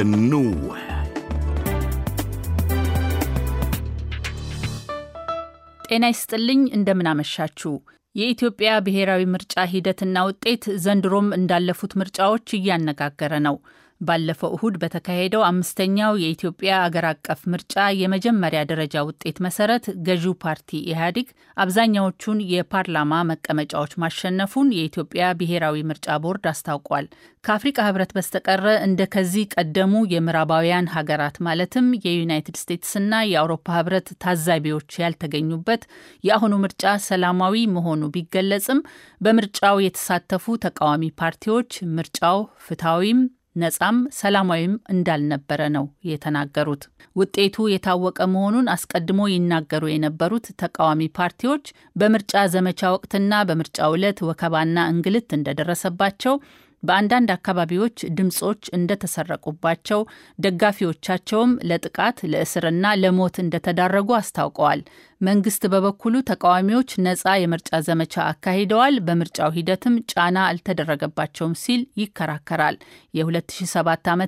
እንወያይ። ጤና ይስጥልኝ። እንደምናመሻችሁ። የኢትዮጵያ ብሔራዊ ምርጫ ሂደትና ውጤት ዘንድሮም እንዳለፉት ምርጫዎች እያነጋገረ ነው። ባለፈው እሁድ በተካሄደው አምስተኛው የኢትዮጵያ አገር አቀፍ ምርጫ የመጀመሪያ ደረጃ ውጤት መሰረት ገዢው ፓርቲ ኢህአዴግ አብዛኛዎቹን የፓርላማ መቀመጫዎች ማሸነፉን የኢትዮጵያ ብሔራዊ ምርጫ ቦርድ አስታውቋል። ከአፍሪቃ ህብረት በስተቀረ እንደ ከዚህ ቀደሙ የምዕራባውያን ሀገራት ማለትም የዩናይትድ ስቴትስና የአውሮፓ ህብረት ታዛቢዎች ያልተገኙበት የአሁኑ ምርጫ ሰላማዊ መሆኑ ቢገለጽም በምርጫው የተሳተፉ ተቃዋሚ ፓርቲዎች ምርጫው ፍትሐዊም ነጻም ሰላማዊም እንዳልነበረ ነው የተናገሩት። ውጤቱ የታወቀ መሆኑን አስቀድሞ ይናገሩ የነበሩት ተቃዋሚ ፓርቲዎች በምርጫ ዘመቻ ወቅትና በምርጫ ዕለት ወከባና እንግልት እንደደረሰባቸው በአንዳንድ አካባቢዎች ድምፆች እንደተሰረቁባቸው ደጋፊዎቻቸውም ለጥቃት ለእስርና ለሞት እንደተዳረጉ አስታውቀዋል። መንግስት በበኩሉ ተቃዋሚዎች ነጻ የምርጫ ዘመቻ አካሂደዋል፣ በምርጫው ሂደትም ጫና አልተደረገባቸውም ሲል ይከራከራል። የ2007 ዓ ም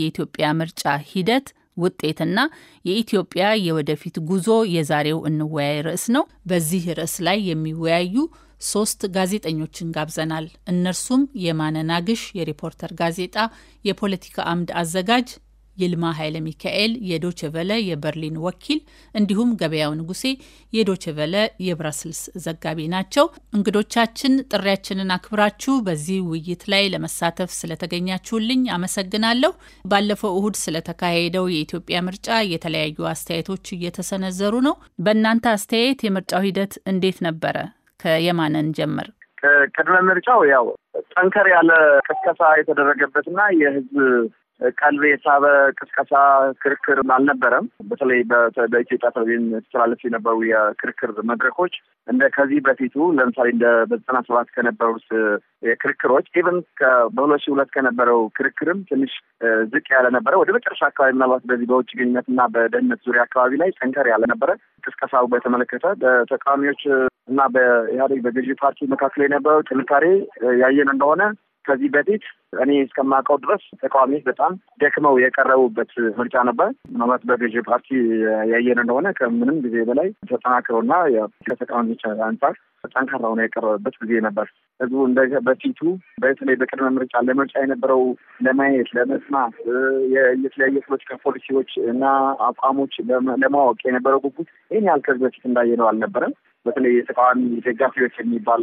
የኢትዮጵያ ምርጫ ሂደት ውጤትና የኢትዮጵያ የወደፊት ጉዞ የዛሬው እንወያይ ርዕስ ነው። በዚህ ርዕስ ላይ የሚወያዩ ሶስት ጋዜጠኞችን ጋብዘናል። እነርሱም የማነ ናግሽ የሪፖርተር ጋዜጣ የፖለቲካ አምድ አዘጋጅ፣ ይልማ ኃይለ ሚካኤል የዶችቨለ የበርሊን ወኪል፣ እንዲሁም ገበያው ንጉሴ የዶችቨለ የብራስልስ ዘጋቢ ናቸው። እንግዶቻችን ጥሪያችንን አክብራችሁ በዚህ ውይይት ላይ ለመሳተፍ ስለተገኛችሁልኝ አመሰግናለሁ። ባለፈው እሁድ ስለተካሄደው የኢትዮጵያ ምርጫ የተለያዩ አስተያየቶች እየተሰነዘሩ ነው። በእናንተ አስተያየት የምርጫው ሂደት እንዴት ነበረ? ከየማንን ጀምር። ቅድመ ምርጫው ያው ጠንከር ያለ ቅስቀሳ የተደረገበትና የህዝብ ቀልብ የሳበ ቅስቀሳ፣ ክርክር አልነበረም። በተለይ በኢትዮጵያ ቴሌቪዥን ሲተላለፉ የነበሩ የክርክር መድረኮች እንደ ከዚህ በፊቱ ለምሳሌ እንደ በዘጠና ሰባት ከነበሩት ክርክሮች ኢቨን በሁለት ሺህ ሁለት ከነበረው ክርክርም ትንሽ ዝቅ ያለ ነበረ። ወደ መጨረሻ አካባቢ ምናልባት በዚህ በውጭ እና በደህንነት ዙሪያ አካባቢ ላይ ጠንከር ያለ ነበረ። ቅስቀሳው በተመለከተ በተቃዋሚዎች እና በኢህአዴግ በገዢ ፓርቲ መካከል የነበረው ጥንካሬ ያየን እንደሆነ ከዚህ በፊት እኔ እስከማውቀው ድረስ ተቃዋሚዎች በጣም ደክመው የቀረቡበት ምርጫ ነበር። ምናልባት በገዢ ፓርቲ ያየን እንደሆነ ከምንም ጊዜ በላይ ተጠናክሮና ከተቃዋሚዎች አንጻር ጠንካራ ሆነ የቀረበበት ጊዜ ነበር። ህዝቡ እንደ በፊቱ በተለይ በቅድመ ምርጫ ለምርጫ የነበረው ለማየት ለመስማት፣ የተለያየ ፖለቲካ ፖሊሲዎች እና አቋሞች ለማወቅ የነበረው ጉጉት ይህን ያህል ከዚህ በፊት እንዳየነው አልነበረም። በተለይ የተቃዋሚ ደጋፊዎች የሚባል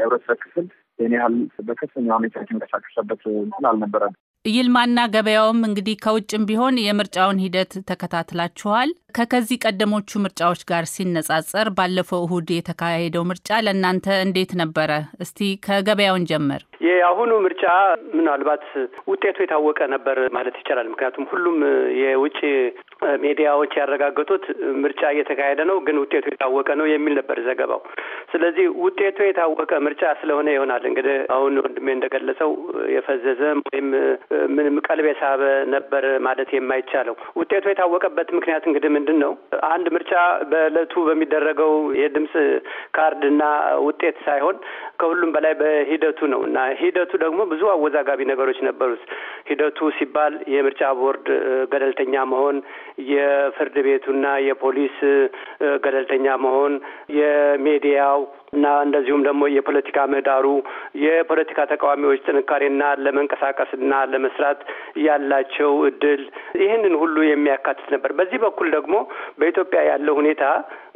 ህብረተሰብ ክፍል ይህን ያህል በከፍተኛ ሁኔታ የተንቀሳቀሰበት እንትን አልነበረም። ይልማና ገበያውም እንግዲህ ከውጭም ቢሆን የምርጫውን ሂደት ተከታትላችኋል። ከከዚህ ቀደሞቹ ምርጫዎች ጋር ሲነጻጸር ባለፈው እሁድ የተካሄደው ምርጫ ለእናንተ እንዴት ነበረ? እስቲ ከገበያውን ጀምር የአሁኑ ምርጫ ምናልባት ውጤቱ የታወቀ ነበር ማለት ይቻላል። ምክንያቱም ሁሉም የውጭ ሚዲያዎች ያረጋገጡት ምርጫ እየተካሄደ ነው፣ ግን ውጤቱ የታወቀ ነው የሚል ነበር ዘገባው። ስለዚህ ውጤቱ የታወቀ ምርጫ ስለሆነ ይሆናል እንግዲህ አሁን ወንድሜ እንደገለጸው የፈዘዘ ወይም ምንም ቀልብ የሳበ ነበር ማለት የማይቻለው። ውጤቱ የታወቀበት ምክንያት እንግዲህ ምንድን ነው? አንድ ምርጫ በእለቱ በሚደረገው የድምፅ ካርድና ውጤት ሳይሆን ከሁሉም በላይ በሂደቱ ነው እና ሂደቱ ደግሞ ብዙ አወዛጋቢ ነገሮች ነበሩት። ሂደቱ ሲባል የምርጫ ቦርድ ገለልተኛ መሆን፣ የፍርድ ቤቱና የፖሊስ ገለልተኛ መሆን፣ የሚዲያው እና እንደዚሁም ደግሞ የፖለቲካ ምህዳሩ የፖለቲካ ተቃዋሚዎች ጥንካሬና ለመንቀሳቀስና ለመስራት ያላቸው እድል ይህንን ሁሉ የሚያካትት ነበር። በዚህ በኩል ደግሞ በኢትዮጵያ ያለው ሁኔታ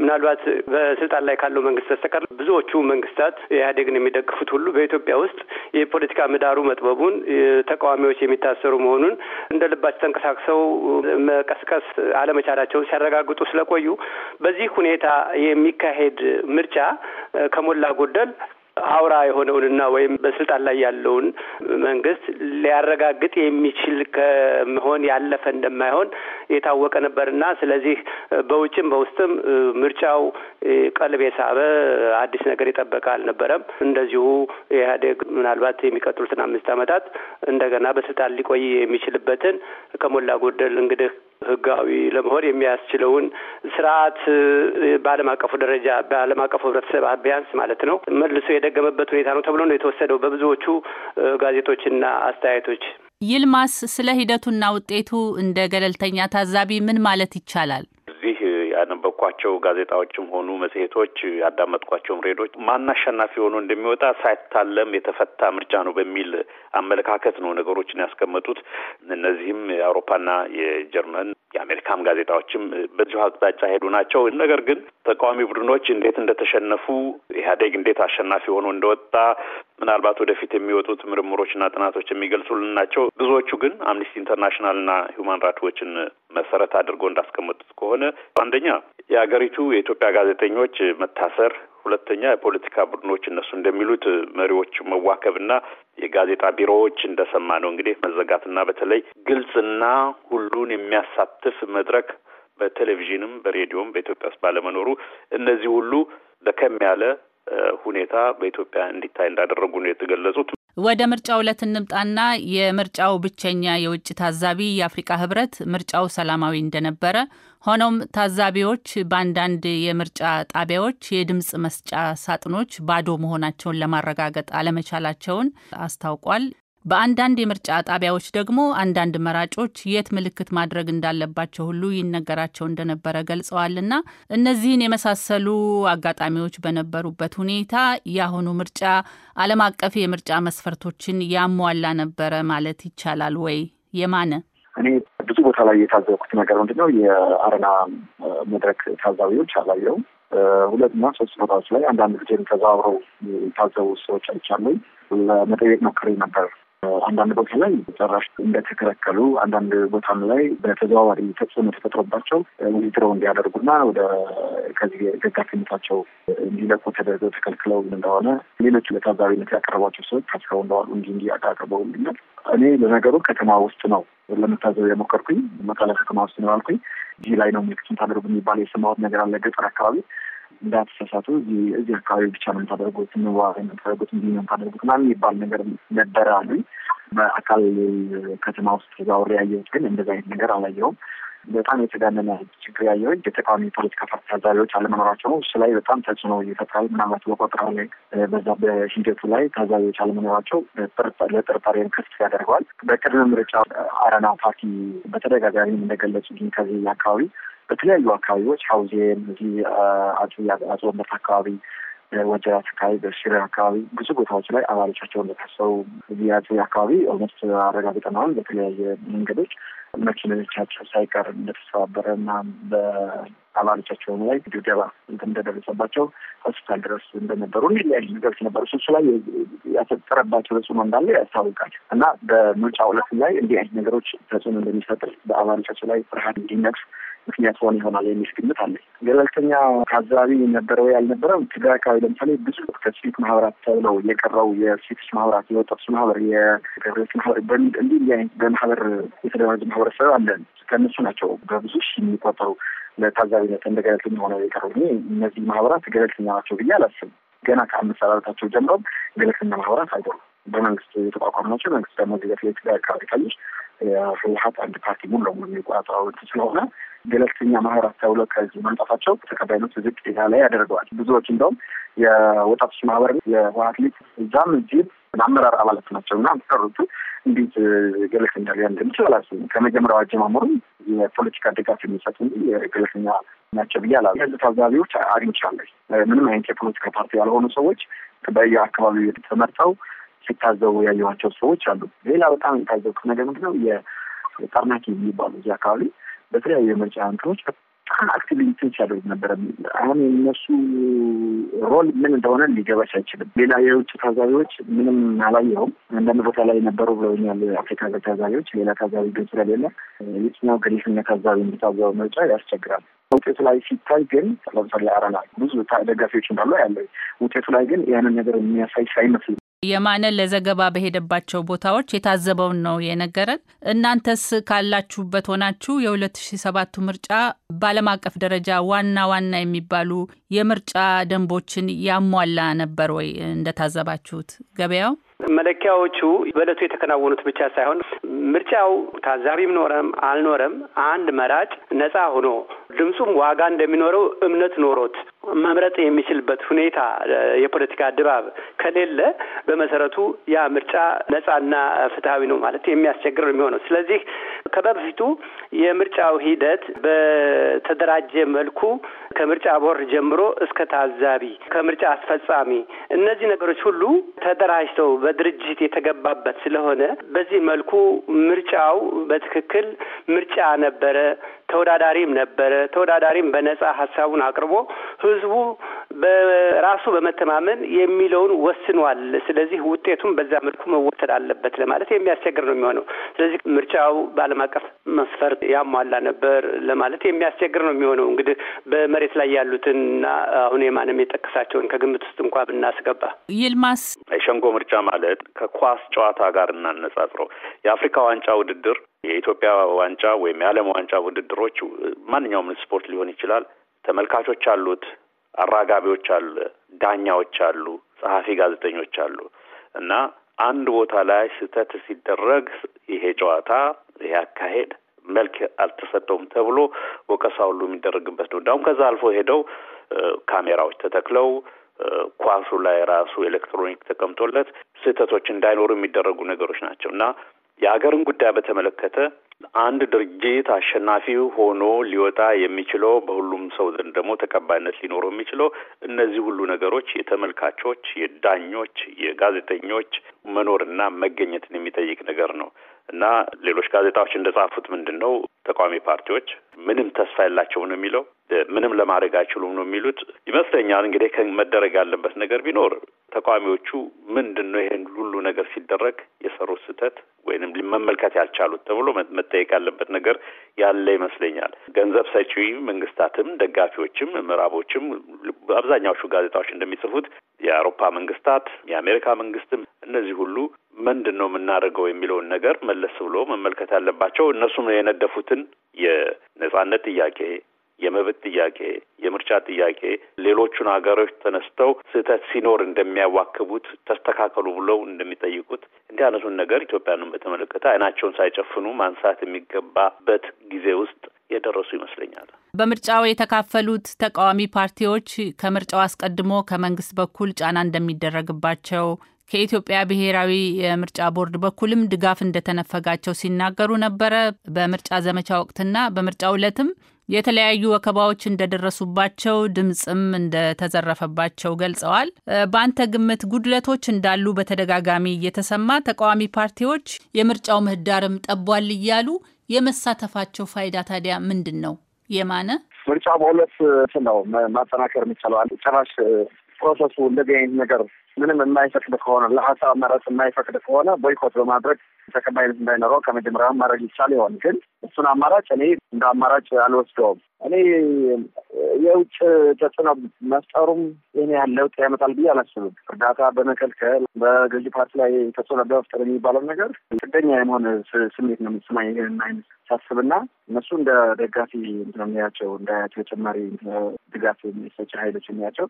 ምናልባት በስልጣን ላይ ካለው መንግስት በስተቀር ብዙዎቹ መንግስታት ኢህአዴግን የሚደግፉት ሁሉ በኢትዮጵያ ውስጥ የፖለቲካ ምህዳሩ መጥበቡን፣ ተቃዋሚዎች የሚታሰሩ መሆኑን፣ እንደ ልባቸው ተንቀሳቅሰው መቀስቀስ አለመቻላቸውን ሲያረጋግጡ ስለቆዩ በዚህ ሁኔታ የሚካሄድ ምርጫ ከሞላ ጎደል አውራ የሆነውንና ወይም በስልጣን ላይ ያለውን መንግስት ሊያረጋግጥ የሚችል ከመሆን ያለፈ እንደማይሆን የታወቀ ነበርና ስለዚህ በውጭም በውስጥም ምርጫው ቀልብ የሳበ አዲስ ነገር የጠበቀ አልነበረም። እንደዚሁ ኢህአዴግ ምናልባት የሚቀጥሉትን አምስት ዓመታት እንደገና በስልጣን ሊቆይ የሚችልበትን ከሞላ ጎደል እንግዲህ ህጋዊ ለመሆን የሚያስችለውን ስርዓት በዓለም አቀፉ ደረጃ በዓለም አቀፉ ህብረተሰብ ቢያንስ ማለት ነው መልሶ የደገመበት ሁኔታ ነው ተብሎ ነው የተወሰደው በብዙዎቹ ጋዜጦችና አስተያየቶች። ይልማስ ስለ ሂደቱና ውጤቱ እንደ ገለልተኛ ታዛቢ ምን ማለት ይቻላል? ያነበብኳቸው ጋዜጣዎችም ሆኑ መጽሔቶች፣ ያዳመጥኳቸውም ሬዲዮች ማን አሸናፊ ሆኖ እንደሚወጣ ሳይታለም የተፈታ ምርጫ ነው በሚል አመለካከት ነው ነገሮችን ያስቀመጡት። እነዚህም የአውሮፓና የጀርመን የአሜሪካም ጋዜጣዎችም በዚሁ አቅጣጫ ሄዱ ናቸው። ነገር ግን ተቃዋሚ ቡድኖች እንዴት እንደተሸነፉ፣ ኢህአዴግ እንዴት አሸናፊ ሆኖ እንደወጣ ምናልባት ወደፊት የሚወጡት ምርምሮችና ጥናቶች የሚገልጹልን ናቸው። ብዙዎቹ ግን አምኒስቲ ኢንተርናሽናልና ሂውማን ራይትስ መሰረት አድርጎ እንዳስቀመጡት ከሆነ አንደኛ የሀገሪቱ የኢትዮጵያ ጋዜጠኞች መታሰር ሁለተኛ የፖለቲካ ቡድኖች እነሱ እንደሚሉት መሪዎች መዋከብና የጋዜጣ ቢሮዎች እንደሰማ ነው እንግዲህ መዘጋትና በተለይ ግልጽና ሁሉን የሚያሳትፍ መድረክ በቴሌቪዥንም በሬዲዮም በኢትዮጵያ ውስጥ ባለመኖሩ እነዚህ ሁሉ ደከም ያለ ሁኔታ በኢትዮጵያ እንዲታይ እንዳደረጉ ነው የተገለጹት። ወደ ምርጫው ዕለት እንምጣና የምርጫው ብቸኛ የውጭ ታዛቢ የአፍሪቃ ህብረት ምርጫው ሰላማዊ እንደነበረ ሆኖም ታዛቢዎች በአንዳንድ የምርጫ ጣቢያዎች የድምፅ መስጫ ሳጥኖች ባዶ መሆናቸውን ለማረጋገጥ አለመቻላቸውን አስታውቋል። በአንዳንድ የምርጫ ጣቢያዎች ደግሞ አንዳንድ መራጮች የት ምልክት ማድረግ እንዳለባቸው ሁሉ ይነገራቸው እንደነበረ ገልጸዋልና እነዚህን የመሳሰሉ አጋጣሚዎች በነበሩበት ሁኔታ የአሁኑ ምርጫ ዓለም አቀፍ የምርጫ መስፈርቶችን ያሟላ ነበረ ማለት ይቻላል ወይ? የማነ እኔ ብዙ ቦታ ላይ የታዘብኩት ነገር ምንድነው የአረና መድረክ ታዛቢዎች አላየውም። ሁለትና ሶስት ቦታዎች ላይ አንዳንድ ጊዜም ተዘዋውረው የታዘቡ ሰዎች አይቻሉ ለመጠየቅ ሞክሬ ነበር። አንዳንድ ቦታ ላይ ጨራሽ እንደተከለከሉ፣ አንዳንድ ቦታም ላይ በተዘዋዋሪ ተጽዕኖ ተፈጥሮባቸው ውዝድረው እንዲያደርጉና ወደ ከዚህ ደጋፊነታቸው እንዲለቁ ተደርገው ተከልክለው እንደሆነ ሌሎች ለታዛቢነት ያቀረቧቸው ሰዎች ታስረው እንደዋሉ እንዲ እንዲ አቅርበው ልኛል። እኔ ለነገሩ ከተማ ውስጥ ነው ለመታዘብ የሞከርኩኝ። መቀለ ከተማ ውስጥ ነው ያልኩኝ። ይህ ላይ ነው ምልክቱን ታደርጉ የሚባል የሰማሁት ነገር አለ ገጠር አካባቢ እንዳትሳሳቱ እዚህ አካባቢ ብቻ ነው የምታደርጉት፣ ንዋሪ የምታደርጉት፣ እንዲ ነው የምታደርጉት ምናምን የሚባል ነገር ነበረ አሉኝ። በአካል ከተማ ውስጥ ዛውሬ ያየሁት ግን እንደዚ አይነት ነገር አላየሁም። በጣም የተጋነነ ችግር ያየሁኝ የተቃዋሚ ፖለቲካ ፓርቲ ታዛቢዎች አለመኖራቸው ነው። እሱ ላይ በጣም ተጽዕኖ ይፈጥራል። ምናልባት በቆጠራው ላይ በዛ በሂደቱ ላይ ታዛቢዎች አለመኖራቸው ለጥርጣሬን ክፍት ያደርገዋል። በቅድመ ምርጫ አረና ፓርቲ በተደጋጋሚ ግን ከዚህ አካባቢ በተለያዩ አካባቢዎች ሀውዜን እዚህ አቶ ወንበርት አካባቢ ወጀራት አካባቢ በሽሬ አካባቢ ብዙ ቦታዎች ላይ አባሎቻቸው እንደታሰሩ እዚህ አካባቢ እውነት አረጋግጠናል በተለያየ መንገዶች መኪኖቻቸው ሳይቀር እንደተሰባበረ እና በአባሎቻቸው ላይ ድብደባ እንደደረሰባቸው ሆስፒታል ድረስ እንደነበሩ የተለያዩ ነገሮች ነበሩ። እሱ ላይ ያፈጠረባቸው ተጽዕኖ እንዳለ ያስታውቃል እና በምርጫ ዕለት ላይ እንዲህ አይነት ነገሮች ተጽዕኖ እንደሚፈጥር በአባሎቻቸው ላይ ፍርሃት እንዲነግስ ምክንያት ሆን ይሆናል የሚል ግምት አለ። ገለልተኛ ታዛቢ ነበረ ያልነበረው ትግራይ አካባቢ ለምሳሌ ብዙ ከሴት ማህበራት ተብለው የቀረው የሴቶች ማህበራት፣ የወጣቶች ማህበር፣ የገበሬዎች ማህበር በሚል እንዲህ እንዲህ አይነት በማህበር የተደራጀ ማህበረሰብ አለን። ከእነሱ ናቸው በብዙ ሺ የሚቆጠሩ ለታዛቢነት እንደ ገለልተኛ ሆነው የቀረው። እነዚህ ማህበራት ገለልተኛ ናቸው ብዬ አላስብም። ገና ከአመሰራረታቸው ጀምሮም ገለልተኛ ማህበራት አይደሉም። በመንግስት የተቋቋሙ ናቸው። መንግስት ደግሞ ዜጋ ላይ ትግራይ አካባቢ ካለች ህወሀት አንድ ፓርቲ ሙሉ ለሙሉ የሚቆጣጠረው ስለሆነ ገለልተኛ ማህበራት ተብሎ ከዚህ መምጣታቸው ተቀባይነት ዝቅ ላይ ያደርገዋል። ብዙዎች እንደውም የወጣቶች ማህበር የህወሀት ሊት እዛም እዚህ አመራር አባላት ናቸው እና ቀሩቱ እንዴት ገለልተኛ ሊሆን እንደሚችል አላስብም። ከመጀመሪያው አጀማመሩ የፖለቲካ ድጋፍ የሚሰጡ ገለልተኛ ናቸው ብዬ አላ ህዝብ ታዛቢዎች አግኝቻለሁ። ምንም አይነት የፖለቲካ ፓርቲ ያልሆኑ ሰዎች በየአካባቢው ተመርጠው ሲታዘቡ ያየኋቸው ሰዎች አሉ። ሌላ በጣም የታዘብኩት ነገር ምንድነው የጠርናኪ የሚባሉ እዚህ አካባቢ በተለያዩ የምርጫ እንትኖች በጣም አክቲቪቲዎች ያደርጉ ነበረ። አሁን የነሱ ሮል ምን እንደሆነ ሊገባች አይችልም። ሌላ የውጭ ታዛቢዎች ምንም አላየውም። አንዳንድ ቦታ ላይ ነበሩ ብለውኛል የአፍሪካ ሀገር ታዛቢዎች። ሌላ ታዛቢ ግን ስለሌለ የትኛው ግሪፍነት ታዛቢ የሚታዘበው ምርጫ ያስቸግራል። ውጤቱ ላይ ሲታይ ግን ለምሳሌ አረና ብዙ ደጋፊዎች እንዳሉ ያለ ውጤቱ ላይ ግን ያንን ነገር የሚያሳይ ሳይመስል የማነ ለዘገባ በሄደባቸው ቦታዎች የታዘበውን ነው የነገረን። እናንተስ ካላችሁበት ሆናችሁ የ2007 ምርጫ በዓለም አቀፍ ደረጃ ዋና ዋና የሚባሉ የምርጫ ደንቦችን ያሟላ ነበር ወይ እንደታዘባችሁት? ገበያው መለኪያዎቹ በእለቱ የተከናወኑት ብቻ ሳይሆን ምርጫው ታዛቢም ኖረም አልኖረም አንድ መራጭ ነጻ ሆኖ ድምፁም ዋጋ እንደሚኖረው እምነት ኖሮት መምረጥ የሚችልበት ሁኔታ የፖለቲካ ድባብ ከሌለ በመሰረቱ ያ ምርጫ ነጻና ፍትሐዊ ነው ማለት የሚያስቸግር ነው የሚሆነው። ስለዚህ ከበፊቱ የምርጫው ሂደት በተደራጀ መልኩ ከምርጫ ቦርድ ጀምሮ እስከ ታዛቢ፣ ከምርጫ አስፈጻሚ እነዚህ ነገሮች ሁሉ ተደራጅተው በድርጅት የተገባበት ስለሆነ በዚህ መልኩ ምርጫው በትክክል ምርጫ ነበረ ተወዳዳሪም ነበረ። ተወዳዳሪም በነጻ ሀሳቡን አቅርቦ ህዝቡ በራሱ በመተማመን የሚለውን ወስኗል። ስለዚህ ውጤቱም በዛ መልኩ መወሰድ አለበት ለማለት የሚያስቸግር ነው የሚሆነው። ስለዚህ ምርጫው በዓለም አቀፍ መስፈርት ያሟላ ነበር ለማለት የሚያስቸግር ነው የሚሆነው። እንግዲህ በመሬት ላይ ያሉትንና አሁን የማንም የጠቀሳቸውን ከግምት ውስጥ እንኳ ብናስገባ ይልማስ የሸንጎ ምርጫ ማለት ከኳስ ጨዋታ ጋር እናነጻጽረው። የአፍሪካ ዋንጫ ውድድር የኢትዮጵያ ዋንጫ ወይም የዓለም ዋንጫ ውድድሮች ማንኛውም ስፖርት ሊሆን ይችላል። ተመልካቾች አሉት፣ አራጋቢዎች አሉ፣ ዳኛዎች አሉ፣ ጸሐፊ ጋዜጠኞች አሉ እና አንድ ቦታ ላይ ስህተት ሲደረግ ይሄ ጨዋታ ይሄ አካሄድ መልክ አልተሰጠውም ተብሎ ወቀሳ ሁሉ የሚደረግበት ነው። እንዳውም ከዛ አልፎ ሄደው ካሜራዎች ተተክለው ኳሱ ላይ ራሱ ኤሌክትሮኒክ ተቀምጦለት ስህተቶች እንዳይኖሩ የሚደረጉ ነገሮች ናቸው እና የሀገርን ጉዳይ በተመለከተ አንድ ድርጅት አሸናፊ ሆኖ ሊወጣ የሚችለው በሁሉም ሰው ዘንድ ደግሞ ተቀባይነት ሊኖረው የሚችለው እነዚህ ሁሉ ነገሮች የተመልካቾች፣ የዳኞች፣ የጋዜጠኞች መኖርና መገኘትን የሚጠይቅ ነገር ነው እና ሌሎች ጋዜጣዎች እንደጻፉት ምንድን ነው ተቃዋሚ ፓርቲዎች ምንም ተስፋ የላቸውም ነው የሚለው፣ ምንም ለማድረግ አይችሉም ነው የሚሉት ይመስለኛል። እንግዲህ መደረግ ያለበት ነገር ቢኖር ተቃዋሚዎቹ ምንድን ነው ይሄን ሁሉ ነገር ሲደረግ የሰሩት ስህተት ወይንም መመልከት ያልቻሉት ተብሎ መጠየቅ ያለበት ነገር ያለ ይመስለኛል። ገንዘብ ሰጪ መንግስታትም ደጋፊዎችም ምዕራቦችም አብዛኛዎቹ ጋዜጣዎች እንደሚጽፉት የአውሮፓ መንግስታት የአሜሪካ መንግስትም እነዚህ ሁሉ ምንድን ነው የምናደርገው የሚለውን ነገር መለስ ብሎ መመልከት ያለባቸው እነሱም የነደፉትን የነጻነት ጥያቄ የመብት ጥያቄ፣ የምርጫ ጥያቄ ሌሎቹን ሀገሮች ተነስተው ስህተት ሲኖር እንደሚያዋክቡት ተስተካከሉ ብለው እንደሚጠይቁት እንዲህ አይነቱን ነገር ኢትዮጵያንም በተመለከተ አይናቸውን ሳይጨፍኑ ማንሳት የሚገባበት ጊዜ ውስጥ የደረሱ ይመስለኛል። በምርጫው የተካፈሉት ተቃዋሚ ፓርቲዎች ከምርጫው አስቀድሞ ከመንግስት በኩል ጫና እንደሚደረግባቸው ከኢትዮጵያ ብሔራዊ የምርጫ ቦርድ በኩልም ድጋፍ እንደተነፈጋቸው ሲናገሩ ነበረ። በምርጫ ዘመቻ ወቅትና በምርጫ ዕለትም የተለያዩ ወከባዎች እንደደረሱባቸው ድምፅም እንደተዘረፈባቸው ገልጸዋል። በአንተ ግምት ጉድለቶች እንዳሉ በተደጋጋሚ እየተሰማ ተቃዋሚ ፓርቲዎች የምርጫው ምህዳርም ጠቧል እያሉ የመሳተፋቸው ፋይዳ ታዲያ ምንድን ነው? የማነ ምርጫ በሁለት ነው ማጠናከር የሚቻለዋል። ጨራሽ ፕሮሰሱ እንደዚህ አይነት ነገር ምንም የማይፈቅድ ከሆነ ለሀሳብ መረጽ የማይፈቅድ ከሆነ ቦይኮት በማድረግ ተቀባይነት እንዳይኖረው ከመጀመሪያ ማድረግ ይቻል ይሆን? ግን እሱን አማራጭ እኔ እንደ አማራጭ አልወስደውም። እኔ የውጭ ተጽዕኖ መፍጠሩም ይህን ያህል ለውጥ ያመጣል ብዬ አላስብም። እርዳታ በመከልከል በገዢ ፓርቲ ላይ ተጽዕኖ በመፍጠር የሚባለው ነገር ጥገኛ የመሆን ስሜት ነው የምትስማኝ። ይህን አይነት ሳስብና እነሱ እንደ ደጋፊ ነው የሚያቸው እንደ ተጨማሪ ድጋፍ የሚሰጭ ሀይሎች የሚያቸው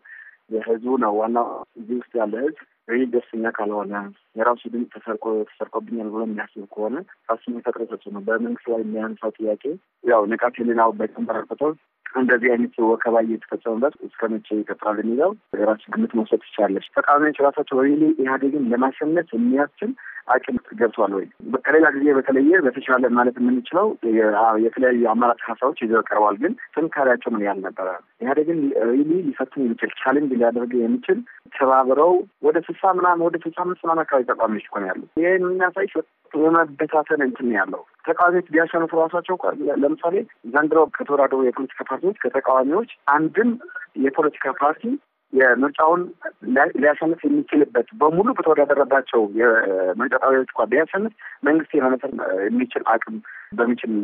የህዝቡ ነው ዋናው እዚህ ውስጥ ያለ ህዝብ ይህ ደስተኛ ካልሆነ የራሱ ድምፅ ተሰርቆ ተሰርቆብኛል ብሎ የሚያስብ ከሆነ ራሱን የፈጥረ ነው። በመንግስት ላይ የሚያንሳው ጥያቄ ያው ንቃት ህሊናው በተንበረከተ እንደዚህ አይነት ወከባ እየተፈጸመበት እስከ መቼ ይቀጥላል የሚለው የራሱ ግምት መውሰድ ትችላለች። ተቃዋሚዎች ራሳቸው ወይ ኢህአዴግን ለማሸነፍ የሚያስችል አቅም ገብቷል ወይ? ከሌላ ጊዜ በተለየ በተሻለ ማለት የምንችለው የተለያዩ አማራጭ ሀሳቦች ይዘው ቀርቧል። ግን ጥንካሬያቸው ምን ያህል ነበረ? ኢህአዴግን ሪሊ ሊፈትን የሚችል ቻሌንጅ ሊያደርግ የሚችል ተባብረው ወደ ስልሳ ምናምን ወደ ስልሳ አምስት ምናምን አካባቢ ተቃዋሚዎች እኮ ነው ያሉት። ይህን የሚያሳይ የመበታተን እንትን ያለው ተቃዋሚዎች ቢያሸንፉ ራሳቸው ለምሳሌ ዘንድሮ ከተወዳደሩ የፖለቲካ ፓርቲዎች ከተቃዋሚዎች አንድም የፖለቲካ ፓርቲ የምርጫውን ሊያሸንፍ የሚችልበት በሙሉ በተወዳደረባቸው የምርጫ ጣቢያዎች እንኳ ቢያሸንፍ መንግስት የመመስረት የሚችል አቅም በሚችል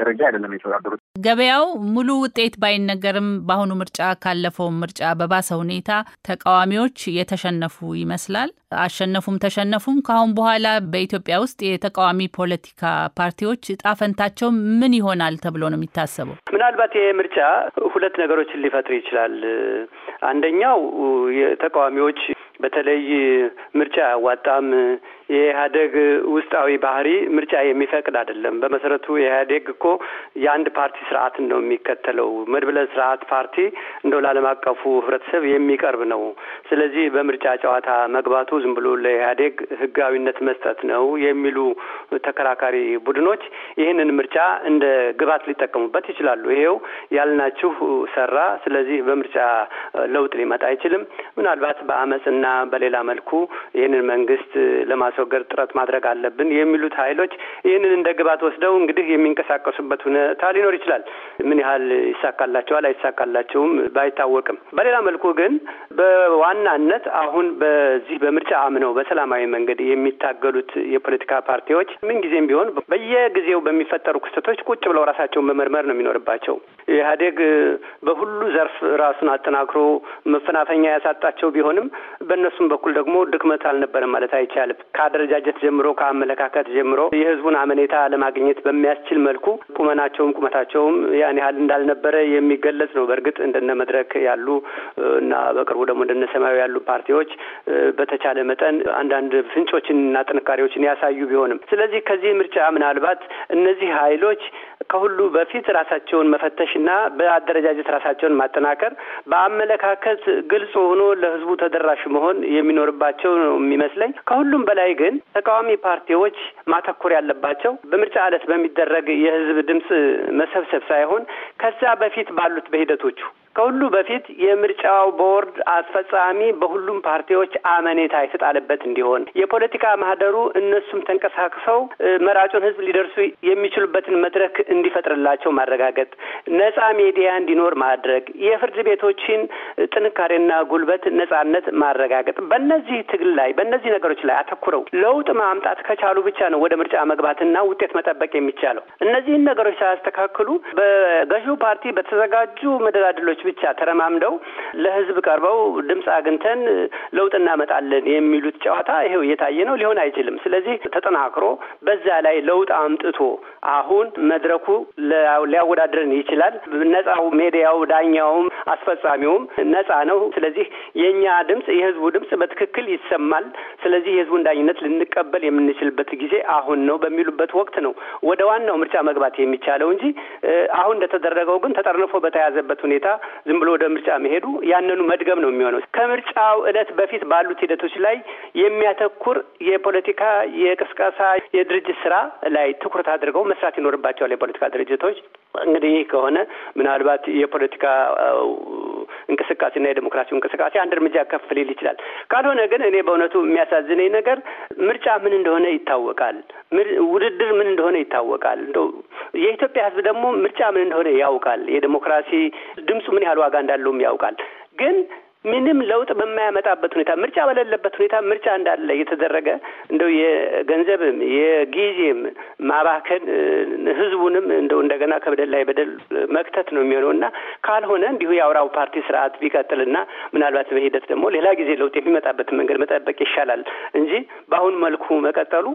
ደረጃ አይደለም የተወዳደሩት። ገበያው ሙሉ ውጤት ባይነገርም በአሁኑ ምርጫ ካለፈው ምርጫ በባሰ ሁኔታ ተቃዋሚዎች የተሸነፉ ይመስላል። አሸነፉም ተሸነፉም ከአሁን በኋላ በኢትዮጵያ ውስጥ የተቃዋሚ ፖለቲካ ፓርቲዎች ጣፈንታቸው ምን ይሆናል ተብሎ ነው የሚታሰበው? ምናልባት ይሄ ምርጫ ሁለት ነገሮችን ሊፈጥር ይችላል። አንደኛው ተቃዋሚዎች በተለይ ምርጫ አያዋጣም የኢህአዴግ ውስጣዊ ባህሪ ምርጫ የሚፈቅድ አይደለም። በመሰረቱ የኢህአዴግ እኮ የአንድ ፓርቲ ስርዓትን ነው የሚከተለው። መድብለ ስርዓት ፓርቲ እንደው ለዓለም አቀፉ ህብረተሰብ የሚቀርብ ነው። ስለዚህ በምርጫ ጨዋታ መግባቱ ዝም ብሎ ለኢህአዴግ ህጋዊነት መስጠት ነው የሚሉ ተከራካሪ ቡድኖች ይህንን ምርጫ እንደ ግብዓት ሊጠቀሙበት ይችላሉ። ይሄው ያልናችሁ ሰራ። ስለዚህ በምርጫ ለውጥ ሊመጣ አይችልም። ምናልባት በአመፅና በሌላ መልኩ ይህንን መንግስት ለማስ ለማስወገድ ጥረት ማድረግ አለብን የሚሉት ኃይሎች ይህንን እንደ ግባት ወስደው እንግዲህ የሚንቀሳቀሱበት ሁኔታ ሊኖር ይችላል። ምን ያህል ይሳካላቸዋል አይሳካላቸውም ባይታወቅም፣ በሌላ መልኩ ግን በዋናነት አሁን በዚህ በምርጫ አምነው በሰላማዊ መንገድ የሚታገሉት የፖለቲካ ፓርቲዎች ምንጊዜም ቢሆን በየጊዜው በሚፈጠሩ ክስተቶች ቁጭ ብለው ራሳቸውን መመርመር ነው የሚኖርባቸው። ኢህአዴግ በሁሉ ዘርፍ ራሱን አጠናክሮ መፈናፈኛ ያሳጣቸው ቢሆንም በእነሱም በኩል ደግሞ ድክመት አልነበረም ማለት አይቻልም። ከአደረጃጀት ጀምሮ ከአመለካከት ጀምሮ የህዝቡን አመኔታ ለማግኘት በሚያስችል መልኩ ቁመናቸውም ቁመታቸውም ያን ያህል እንዳልነበረ የሚገለጽ ነው። በእርግጥ እንደነ መድረክ ያሉ እና በቅርቡ ደግሞ እንደነ ሰማያዊ ያሉ ፓርቲዎች በተቻለ መጠን አንዳንድ ፍንጮችንና ጥንካሬዎችን ያሳዩ ቢሆንም ስለዚህ ከዚህ ምርጫ ምናልባት እነዚህ ኃይሎች ከሁሉ በፊት ራሳቸውን መፈተሽና በአደረጃጀት ራሳቸውን ማጠናከር በአመለካከት ግልጽ ሆኖ ለህዝቡ ተደራሽ መሆን የሚኖርባቸው ነው የሚመስለኝ። ከሁሉም በላይ ግን ተቃዋሚ ፓርቲዎች ማተኮር ያለባቸው በምርጫ ዕለት በሚደረግ የህዝብ ድምፅ መሰብሰብ ሳይሆን ከዛ በፊት ባሉት በሂደቶቹ ከሁሉ በፊት የምርጫው ቦርድ አስፈጻሚ በሁሉም ፓርቲዎች አመኔታ የተጣለበት እንዲሆን የፖለቲካ ማህደሩ እነሱም ተንቀሳቅሰው መራጩን ህዝብ ሊደርሱ የሚችሉበትን መድረክ እንዲፈጥርላቸው ማረጋገጥ፣ ነጻ ሚዲያ እንዲኖር ማድረግ፣ የፍርድ ቤቶችን ጥንካሬና ጉልበት ነጻነት ማረጋገጥ። በእነዚህ ትግል ላይ በእነዚህ ነገሮች ላይ አተኩረው ለውጥ ማምጣት ከቻሉ ብቻ ነው ወደ ምርጫ መግባትና ውጤት መጠበቅ የሚቻለው። እነዚህን ነገሮች ሳያስተካክሉ በገዢው ፓርቲ በተዘጋጁ መደላድሎች ሰዎች ብቻ ተረማምደው ለህዝብ ቀርበው ድምፅ አግኝተን ለውጥ እናመጣለን የሚሉት ጨዋታ ይሄው እየታየ ነው፣ ሊሆን አይችልም። ስለዚህ ተጠናክሮ በዛ ላይ ለውጥ አምጥቶ አሁን መድረኩ ሊያወዳድረን ይችላል። ነጻው ሜዲያው፣ ዳኛውም፣ አስፈጻሚውም ነጻ ነው። ስለዚህ የእኛ ድምፅ፣ የህዝቡ ድምፅ በትክክል ይሰማል። ስለዚህ የህዝቡን ዳኝነት ልንቀበል የምንችልበት ጊዜ አሁን ነው በሚሉበት ወቅት ነው ወደ ዋናው ምርጫ መግባት የሚቻለው እንጂ አሁን እንደተደረገው ግን ተጠርንፎ በተያዘበት ሁኔታ ዝም ብሎ ወደ ምርጫ መሄዱ ያንኑ መድገም ነው የሚሆነው። ከምርጫው እለት በፊት ባሉት ሂደቶች ላይ የሚያተኩር የፖለቲካ የቅስቀሳ የድርጅት ስራ ላይ ትኩረት አድርገው መስራት ይኖርባቸዋል የፖለቲካ ድርጅቶች። እንግዲህ ይህ ከሆነ ምናልባት የፖለቲካ እንቅስቃሴና የዴሞክራሲው እንቅስቃሴ አንድ እርምጃ ከፍ ሊል ይችላል። ካልሆነ ግን እኔ በእውነቱ የሚያሳዝነኝ ነገር ምርጫ ምን እንደሆነ ይታወቃል። ውድድር ምን እንደሆነ ይታወቃል። የኢትዮጵያ ሕዝብ ደግሞ ምርጫ ምን እንደሆነ ያውቃል። የዴሞክራሲ ድምፁ ምን ያህል ዋጋ እንዳለውም ያውቃል ግን ምንም ለውጥ በማያመጣበት ሁኔታ ምርጫ በሌለበት ሁኔታ ምርጫ እንዳለ እየተደረገ እንደው የገንዘብም የጊዜም ማባከን ህዝቡንም እንደው እንደገና ከበደል ላይ በደል መክተት ነው የሚሆነው እና ካልሆነ እንዲሁ የአውራው ፓርቲ ስርዓት ቢቀጥልና ምናልባት በሂደት ደግሞ ሌላ ጊዜ ለውጥ የሚመጣበትን መንገድ መጠበቅ ይሻላል እንጂ በአሁን መልኩ መቀጠሉ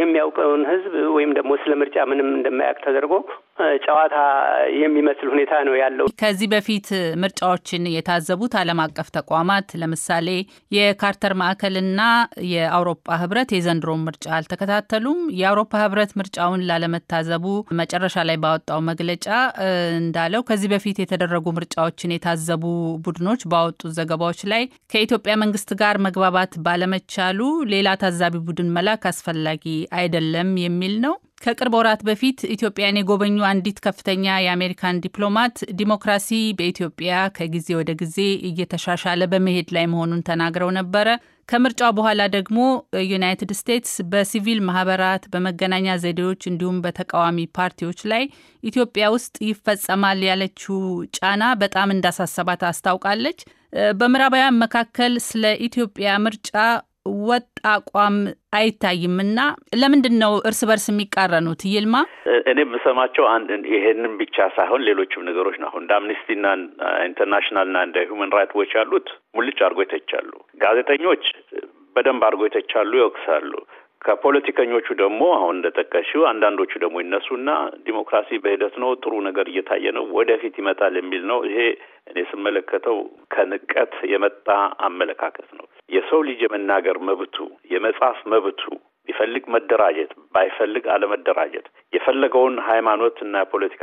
የሚያውቀውን ህዝብ ወይም ደግሞ ስለ ምርጫ ምንም እንደማያውቅ ተደርጎ ጨዋታ የሚመስል ሁኔታ ነው ያለው። ከዚህ በፊት ምርጫዎችን የታዘቡት አለ ዓለም አቀፍ ተቋማት ለምሳሌ የካርተር ማዕከልና የአውሮፓ ህብረት የዘንድሮን ምርጫ አልተከታተሉም። የአውሮፓ ህብረት ምርጫውን ላለመታዘቡ መጨረሻ ላይ ባወጣው መግለጫ እንዳለው ከዚህ በፊት የተደረጉ ምርጫዎችን የታዘቡ ቡድኖች ባወጡት ዘገባዎች ላይ ከኢትዮጵያ መንግስት ጋር መግባባት ባለመቻሉ ሌላ ታዛቢ ቡድን መላክ አስፈላጊ አይደለም የሚል ነው። ከቅርብ ወራት በፊት ኢትዮጵያን የጎበኙ አንዲት ከፍተኛ የአሜሪካን ዲፕሎማት ዲሞክራሲ በኢትዮጵያ ከጊዜ ወደ ጊዜ እየተሻሻለ በመሄድ ላይ መሆኑን ተናግረው ነበረ። ከምርጫው በኋላ ደግሞ ዩናይትድ ስቴትስ በሲቪል ማህበራት፣ በመገናኛ ዘዴዎች እንዲሁም በተቃዋሚ ፓርቲዎች ላይ ኢትዮጵያ ውስጥ ይፈጸማል ያለችው ጫና በጣም እንዳሳሰባት አስታውቃለች። በምዕራባውያን መካከል ስለ ኢትዮጵያ ምርጫ ወጥ አቋም አይታይምና ለምንድን ነው እርስ በርስ የሚቃረኑት? ይልማ እኔ የምሰማቸው ይሄንን ብቻ ሳይሆን ሌሎችም ነገሮች ነው። አሁን እንደ አምኒስቲና ኢንተርናሽናልና እንደ ሁማን ራይት ዎች ያሉት ሙልጭ አድርጎ ይተቻሉ። ጋዜጠኞች በደንብ አድርጎ ይተቻሉ፣ ይወቅሳሉ። ከፖለቲከኞቹ ደግሞ አሁን እንደጠቀሽው አንዳንዶቹ ደግሞ ይነሱና ዲሞክራሲ በሂደት ነው፣ ጥሩ ነገር እየታየ ነው፣ ወደፊት ይመጣል የሚል ነው። ይሄ እኔ ስመለከተው ከንቀት የመጣ አመለካከት ነው። የሰው ልጅ የመናገር መብቱ፣ የመጻፍ መብቱ ቢፈልግ መደራጀት ባይፈልግ አለመደራጀት፣ የፈለገውን ሃይማኖት እና የፖለቲካ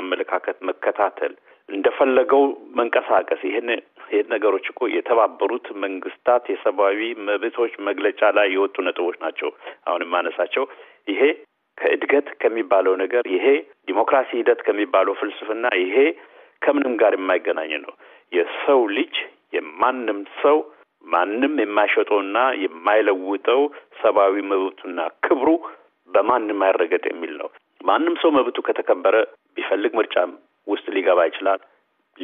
አመለካከት መከታተል፣ እንደፈለገው መንቀሳቀስ ይህን ነገሮች እኮ የተባበሩት መንግስታት የሰብአዊ መብቶች መግለጫ ላይ የወጡ ነጥቦች ናቸው። አሁን የማነሳቸው ይሄ ከእድገት ከሚባለው ነገር ይሄ ዲሞክራሲ ሂደት ከሚባለው ፍልስፍና ይሄ ከምንም ጋር የማይገናኝ ነው። የሰው ልጅ የማንም ሰው ማንም የማይሸጠውና የማይለውጠው ሰብአዊ መብቱና ክብሩ በማንም አይረገጥ የሚል ነው። ማንም ሰው መብቱ ከተከበረ ቢፈልግ ምርጫም ውስጥ ሊገባ ይችላል፣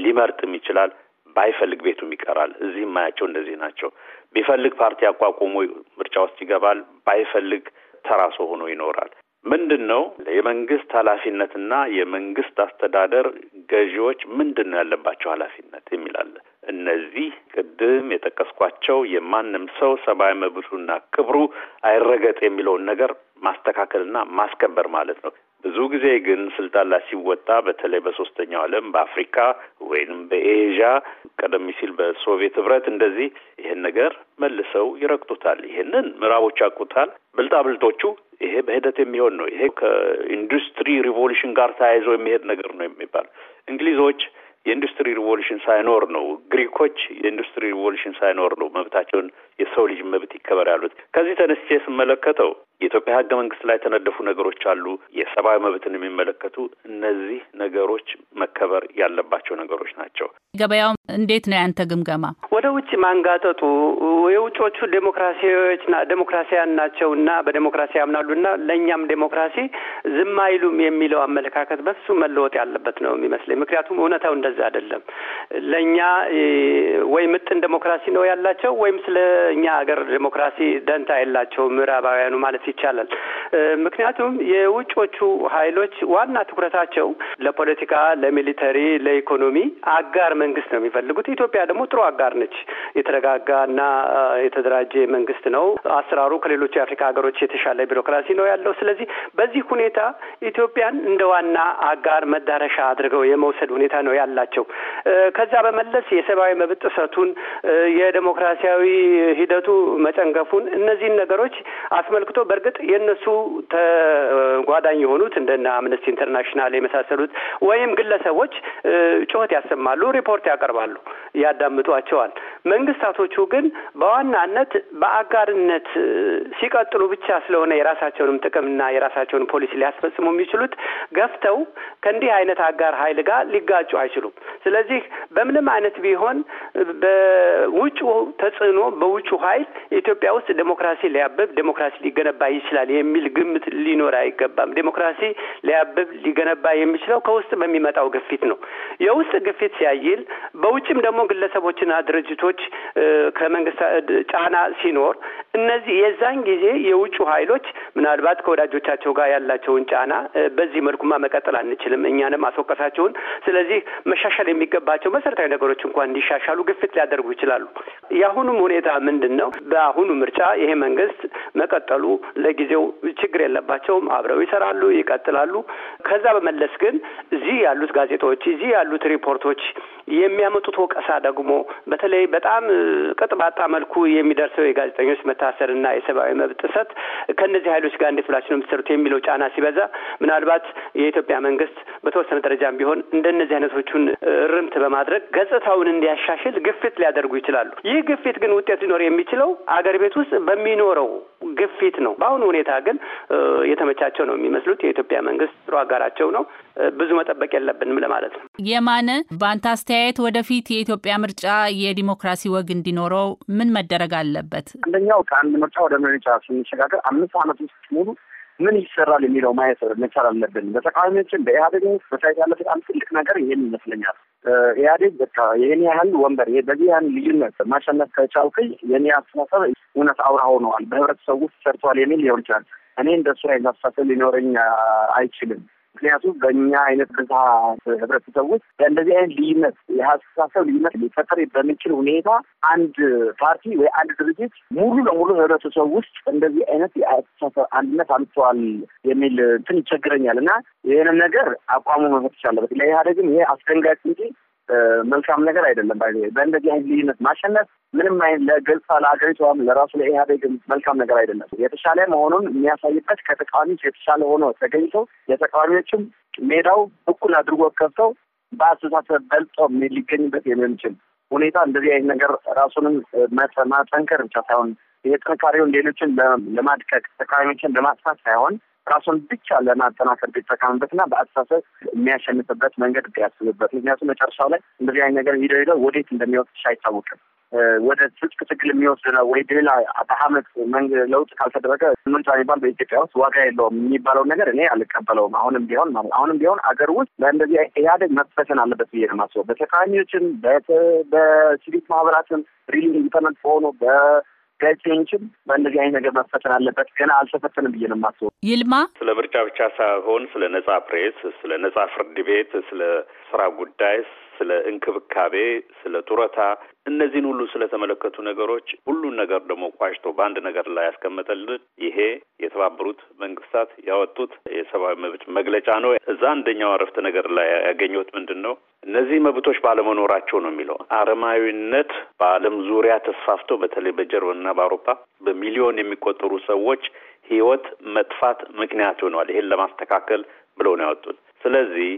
ሊመርጥም ይችላል፣ ባይፈልግ ቤቱም ይቀራል። እዚህ የማያቸው እንደዚህ ናቸው። ቢፈልግ ፓርቲ አቋቁሞ ምርጫ ውስጥ ይገባል፣ ባይፈልግ ተራሶ ሆኖ ይኖራል። ምንድን ነው የመንግስት ኃላፊነትና የመንግስት አስተዳደር ገዢዎች ምንድን ነው ያለባቸው ኃላፊነት የሚላለ እነዚህ ቅድም የጠቀስኳቸው የማንም ሰው ሰብአዊ መብቱና ክብሩ አይረገጥ የሚለውን ነገር ማስተካከልና ማስከበር ማለት ነው። ብዙ ጊዜ ግን ስልጣን ላይ ሲወጣ በተለይ በሶስተኛው ዓለም በአፍሪካ ወይም በኤዥያ ቀደም ሲል በሶቪየት ህብረት እንደዚህ ይህን ነገር መልሰው ይረግጡታል። ይህንን ምዕራቦች ያውቁታል። ብልጦቹ ይሄ በሂደት የሚሆን ነው። ይሄ ከኢንዱስትሪ ሪቮሉሽን ጋር ተያይዞ የሚሄድ ነገር ነው የሚባል እንግሊዞች የኢንዱስትሪ ሪቮሉሽን ሳይኖር ነው፣ ግሪኮች የኢንዱስትሪ ሪቮሉሽን ሳይኖር ነው መብታቸውን የሰው ልጅ መብት ይከበር ያሉት። ከዚህ ተነስቼ ስመለከተው የኢትዮጵያ ህገ መንግስት ላይ የተነደፉ ነገሮች አሉ፣ የሰብአዊ መብትን የሚመለከቱ እነዚህ ነገሮች መከበር ያለባቸው ነገሮች ናቸው። ገበያው እንዴት ነው ያንተ ግምገማ? ወደ ውጭ ማንጋጠጡ የውጮቹ ዴሞክራሲዎች ዴሞክራሲያን ናቸውና በዴሞክራሲ ያምናሉና ለእኛም ዴሞክራሲ ዝም አይሉም የሚለው አመለካከት በሱ መለወጥ ያለበት ነው የሚመስለኝ። ምክንያቱም እውነታው እንደዛ አይደለም። ለእኛ ወይ ምጥን ዴሞክራሲ ነው ያላቸው ወይም ስለ እኛ ሀገር ዴሞክራሲ ደንታ የላቸው ምዕራባውያኑ ማለት ይቻላል። ምክንያቱም የውጮቹ ኃይሎች ዋና ትኩረታቸው ለፖለቲካ፣ ለሚሊተሪ፣ ለኢኮኖሚ አጋር መንግስት ነው የሚፈልጉት። ኢትዮጵያ ደግሞ ጥሩ አጋር ነች። የተረጋጋና የተደራጀ መንግስት ነው። አሰራሩ ከሌሎች የአፍሪካ ሀገሮች የተሻለ ቢሮክራሲ ነው ያለው። ስለዚህ በዚህ ሁኔታ ኢትዮጵያን እንደ ዋና አጋር መዳረሻ አድርገው የመውሰድ ሁኔታ ነው ያላቸው። ከዛ በመለስ የሰብአዊ መብት ጥሰቱን የዴሞክራሲያዊ ሂደቱ መጨንገፉን እነዚህን ነገሮች አስመልክቶ በእርግጥ የእነሱ ተጓዳኝ የሆኑት እንደነ አምነስቲ ኢንተርናሽናል የመሳሰሉት ወይም ግለሰቦች ጩኸት ያሰማሉ፣ ሪፖርት ያቀርባሉ፣ ያዳምጧቸዋል። መንግስታቶቹ ግን በዋናነት በአጋርነት ሲቀጥሉ ብቻ ስለሆነ የራሳቸውንም ጥቅምና የራሳቸውን ፖሊሲ ሊያስፈጽሙ የሚችሉት ገፍተው ከእንዲህ አይነት አጋር ኃይል ጋር ሊጋጩ አይችሉም። ስለዚህ በምንም አይነት ቢሆን በውጭ ተጽዕኖ በውጭ የሌሎቹ ኃይል ኢትዮጵያ ውስጥ ዴሞክራሲ ሊያበብ ዴሞክራሲ ሊገነባ ይችላል የሚል ግምት ሊኖር አይገባም። ዴሞክራሲ ሊያበብ ሊገነባ የሚችለው ከውስጥ በሚመጣው ግፊት ነው። የውስጥ ግፊት ሲያይል፣ በውጭም ደግሞ ግለሰቦችና ድርጅቶች ከመንግስት ጫና ሲኖር እነዚህ የዛን ጊዜ የውጭ ኃይሎች ምናልባት ከወዳጆቻቸው ጋር ያላቸውን ጫና በዚህ መልኩማ መቀጠል አንችልም፣ እኛንም አስወቀሳቸውን፣ ስለዚህ መሻሻል የሚገባቸው መሰረታዊ ነገሮች እንኳን እንዲሻሻሉ ግፊት ሊያደርጉ ይችላሉ። የአሁኑም ሁኔታ ምንድን ነው? በአሁኑ ምርጫ ይሄ መንግስት መቀጠሉ ለጊዜው ችግር የለባቸውም። አብረው ይሰራሉ፣ ይቀጥላሉ። ከዛ በመለስ ግን እዚህ ያሉት ጋዜጦች፣ እዚህ ያሉት ሪፖርቶች የሚያመጡት ወቀሳ ደግሞ በተለይ በጣም ቅጥባጣ መልኩ የሚደርሰው የጋዜጠኞች መታሰርና የሰብአዊ መብት ጥሰት ከእነዚህ ኃይሎች ጋር እንዴት ብላችሁ ነው የምትሰሩት የሚለው ጫና ሲበዛ ምናልባት የኢትዮጵያ መንግስት በተወሰነ ደረጃም ቢሆን እንደነዚህ አይነቶቹን ርምት በማድረግ ገጽታውን እንዲያሻሽል ግፊት ሊያደርጉ ይችላሉ። ይህ ግፊት ግን ውጤት ሊኖር የሚችለው አገር ቤት ውስጥ በሚኖረው ግፊት ነው። በአሁኑ ሁኔታ ግን የተመቻቸው ነው የሚመስሉት። የኢትዮጵያ መንግስት ጥሩ አጋራቸው ነው። ብዙ መጠበቅ የለብንም ለማለት ነው። የማነ በአንተ አስተያየት ወደፊት የኢትዮጵያ ምርጫ የዲሞክራሲ ወግ እንዲኖረው ምን መደረግ አለበት? አንደኛው ከአንድ ምርጫ ወደ ምርጫ ስንሸጋገር አምስት ዓመት ውስጥ ሙሉ ምን ይሰራል የሚለው ማየት መቻል አለብን። በተቃዋሚዎችን በኢህአዴግ ውስጥ መታየት ያለበት በጣም ትልቅ ነገር ይህን ይመስለኛል። ኢህአዴግ በቃ ይህን ያህል ወንበር በዚህ ያህል ልዩነት ማሸነፍ ከቻልኩኝ የኔ አስተሳሰብ እውነት አውራ ሆነዋል፣ በህብረተሰቡ ውስጥ ሰርቷል የሚል ሊሆን ይችላል። እኔ እንደሱ አይነት አስተሳሰብ ሊኖረኝ አይችልም። ምክንያቱም በእኛ አይነት ብዝሃ ህብረተሰብ ውስጥ እንደዚህ አይነት ልዩነት የሀሳብ ልዩነት ሊፈጠር በሚችል ሁኔታ አንድ ፓርቲ ወይ አንድ ድርጅት ሙሉ ለሙሉ ህብረተሰብ ውስጥ እንደዚህ አይነት የአስተሳሰብ አንድነት አምጥተዋል የሚል እንትን ይቸግረኛል እና ይህንን ነገር አቋሙ መፈተሽ አለበት። ለኢህአዴግም ይሄ አስደንጋጭ እንጂ መልካም ነገር አይደለም። ባይ በእንደዚህ አይነት ልዩነት ማሸነፍ ምንም አይነት ለግልጽ ለሀገሪቷም ለራሱ ለኢህአዴግም መልካም ነገር አይደለም። የተሻለ መሆኑን የሚያሳይበት ከተቃዋሚዎች የተሻለ ሆኖ ተገኝቶ የተቃዋሚዎችም ሜዳው እኩል አድርጎ ከፍተው በአስተሳሰብ በልጦ ሊገኝበት የሚችል ሁኔታ እንደዚህ አይነት ነገር ራሱንም ማጠንከር ብቻ ሳይሆን የጥንካሬውን ጥንካሬውን ሌሎችን ለማድቀቅ ተቃዋሚዎችን ለማጥፋት ሳይሆን ራሱን ብቻ ለማጠናከር ቢጠቀምበትና በአስተሳሰብ የሚያሸንፍበት መንገድ ቢያስብበት። ምክንያቱም መጨረሻው ላይ እንደዚህ አይነት ነገር ሂደው ሂደው ወዴት እንደሚወስድሽ አይታወቅም። ወደ ስጭቅ ትግል የሚወስድ ነው ወይ ሌላ በሀመት መንገድ ለውጥ ካልተደረገ ምንጫ የሚባል በኢትዮጵያ ውስጥ ዋጋ የለውም የሚባለውን ነገር እኔ አልቀበለውም። አሁንም ቢሆን ማለት አሁንም ቢሆን አገር ውስጥ በእንደዚህ ኢህአዴግ መፈተን አለበት ብዬ ነው የማስበው። በተቃዋሚዎችም በሲቪክ ማህበራትም ሪሊ ኢንተርነት ሆኖ በ ጋዜጠኞችም በእንደዚህ አይነት ነገር መፈተን አለበት። ገና አልተፈተንም ብዬ ነው የማስበው። ይልማ ስለ ምርጫ ብቻ ሳይሆን ስለ ነጻ ፕሬስ፣ ስለ ነጻ ፍርድ ቤት፣ ስለ ስራ ጉዳይ፣ ስለ እንክብካቤ፣ ስለ ጡረታ፣ እነዚህን ሁሉ ስለተመለከቱ ነገሮች ሁሉን ነገር ደግሞ ቋጭቶ በአንድ ነገር ላይ ያስቀመጠልን ይሄ የተባበሩት መንግስታት ያወጡት የሰብአዊ መብት መግለጫ ነው። እዛ አንደኛው አረፍተ ነገር ላይ ያገኘሁት ምንድን ነው እነዚህ መብቶች ባለመኖራቸው ነው የሚለው። አረማዊነት በዓለም ዙሪያ ተስፋፍቶ በተለይ በጀርመንና በአውሮፓ በሚሊዮን የሚቆጠሩ ሰዎች ህይወት መጥፋት ምክንያት ሆነዋል። ይሄን ለማስተካከል ብለው ነው ያወጡት። ስለዚህ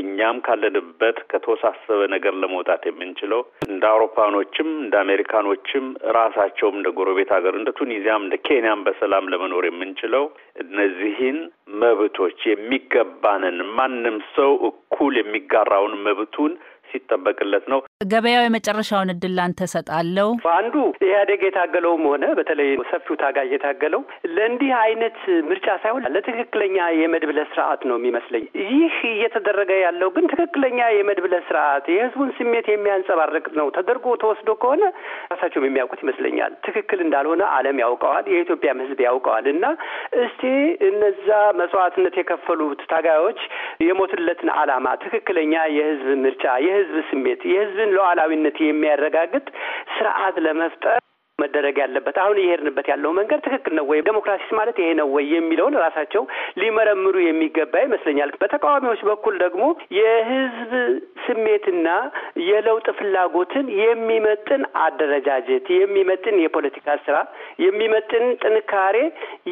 እኛም ካለንበት ከተወሳሰበ ነገር ለመውጣት የምንችለው እንደ አውሮፓኖችም እንደ አሜሪካኖችም ራሳቸውም እንደ ጎረቤት ሀገር እንደ ቱኒዚያም እንደ ኬንያም በሰላም ለመኖር የምንችለው እነዚህን መብቶች የሚገባንን ማንም ሰው እኩል የሚጋራውን መብቱን ሲጠበቅለት ነው። ገበያው የመጨረሻውን እድል ላንተ ሰጣለው። አንዱ ኢህአዴግ የታገለውም ሆነ በተለይ ሰፊው ታጋይ የታገለው ለእንዲህ አይነት ምርጫ ሳይሆን ለትክክለኛ የመድብለ ስርዓት ነው የሚመስለኝ። ይህ እየተደረገ ያለው ግን ትክክለኛ የመድብለ ስርዓት የህዝቡን ስሜት የሚያንጸባርቅ ነው ተደርጎ ተወስዶ ከሆነ ራሳቸውም የሚያውቁት ይመስለኛል። ትክክል እንዳልሆነ ዓለም ያውቀዋል፣ የኢትዮጵያም ህዝብ ያውቀዋል። እና እስቲ እነዛ መስዋዕትነት የከፈሉት ታጋዮች የሞትለትን ዓላማ ትክክለኛ የህዝብ ምርጫ የህዝብ ስሜት የህዝብን ሉዓላዊነት የሚያረጋግጥ ስርዓት ለመፍጠር መደረግ ያለበት አሁን እየሄድንበት ያለው መንገድ ትክክል ነው ወይ፣ ዴሞክራሲስ ማለት ይሄ ነው ወይ የሚለውን ራሳቸው ሊመረምሩ የሚገባ ይመስለኛል። በተቃዋሚዎች በኩል ደግሞ የህዝብ ስሜትና የለውጥ ፍላጎትን የሚመጥን አደረጃጀት፣ የሚመጥን የፖለቲካ ስራ፣ የሚመጥን ጥንካሬ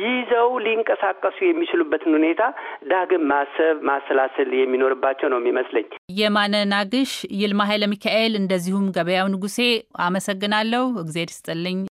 ይዘው ሊንቀሳቀሱ የሚችሉበትን ሁኔታ ዳግም ማሰብ ማሰላሰል የሚኖርባቸው ነው የሚመስለኝ። የማነ ናግሽ፣ ይልማ ኃይለ ሚካኤል እንደዚሁም ገበያው ንጉሴ አመሰግናለሁ። እግዜር ይስጥልኝ።